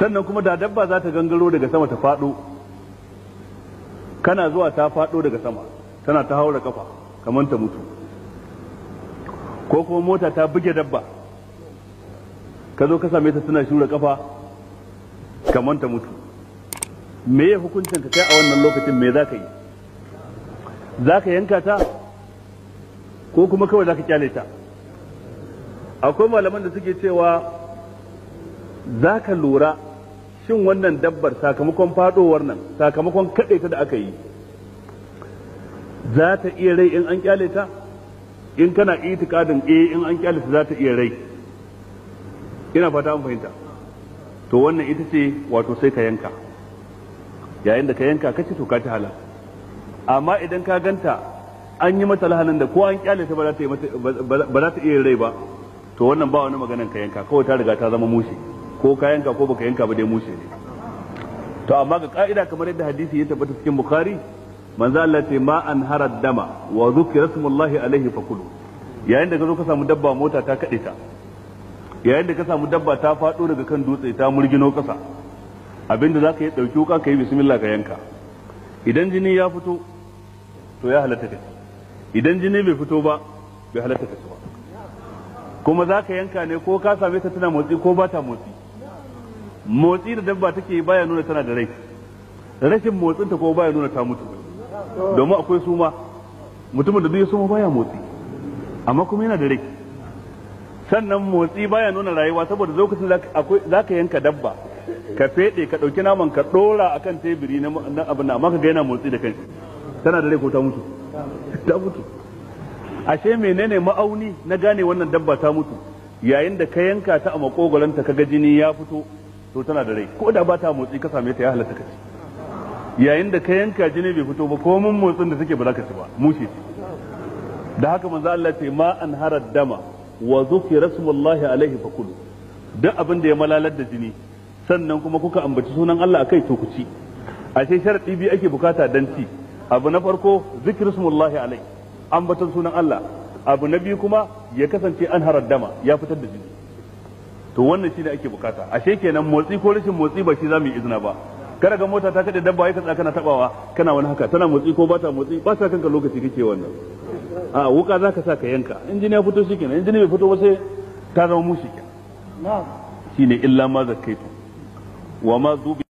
sannan kuma da dabba za ta gangaro daga sama ta faɗo kana zuwa ta faɗo daga sama tana ta haura kafa kamar ta mutu ko kuma mota ta buge dabba ka zo ka same ta tana shura kafa kamar ta mutu me ya hukuncin ka kai a wannan lokacin me za ka yi za ka yanka ta ko kuma kawai za ka kyale ta akwai malaman da suke cewa za ka lura cin wannan dabbar sakamakon fadowar nan sakamakon kaɗe ta da aka yi za ta iya rai in an kyale ta in kana itikadin eh in an kyale ta za ta iya rai ina fata an fahimta to wannan ita ce wato sai ka yanka yayin da ka yanka ka ci to ka ci halal amma idan ka ganta an yi mata lahanin da ko an kyale ta ba za ta iya rai ba to wannan ba wani maganan ka yanka kawai ta riga ta zama mushi ko ka yanka ko baka yanka ba dai mushe ne to amma ga ka'ida kamar yadda hadisi ya tabbata cikin bukhari manzo Allah ce ma an harad dama wa zukira smullahi alaihi fakulu yayin da ka zo ka samu dabba mota ta kade ta yayin da ka samu dabba ta fado daga kan dutse ta murgino kasa abinda zaka yi dauki ka kai bismillah ka yanka idan jini ya fito to ya halatta ka idan jini bai fito ba bai halatta ka ba kuma ka yanka ne ko ka same ta tana motsi ko ba ta motsi motsi da dabba take baya nuna tana da rai rashin motsin ta kuma baya nuna ta mutu domin akwai suma mutumin da duk suma baya motsi amma kuma yana da rai sannan motsi baya nuna rayuwa saboda lokacin za ka yanka dabba ka fede ka ɗauki naman ka ɗora akan tebiri na abin amma ka ga yana motsi da kai tana da rai ko ta mutu ta mutu ashe menene ma'auni na gane wannan dabba ta mutu yayin da ka yanka ta a makogolanta kaga jini ya fito to tana da rai ko da ba ta motsi ka same ta ya halatta ka ci yayin da ka yanka jini bai fito ba ko mun motsin da take ba za ka ci ba mushe ce da haka manzo Allah ce ma an harad dama wa zukira rasulullahi alaihi fakulu duk abin da ya malalar da jini sannan kuma kuka ambaci sunan Allah akai to ku ci ashe sharadi bi ake bukata dan ci abu na farko zikir smullahi alaihi ambatan sunan Allah abu na biyu kuma ya kasance an harad dama ya fitar da jini to wannan shine ake bukata ashe kenan motsi ko rashin motsi ba shi za mu yi izina ba kada ga mota ta kada dabba yake tsaka kana tabawa kana wani haka tana motsi ko bata motsi ba sa kanka lokaci kake wannan a wuka zaka sa ka yanka injini ya fito shikenan injini bai fito ba sai ta zama mushi shine illa ma zakaitu wa ma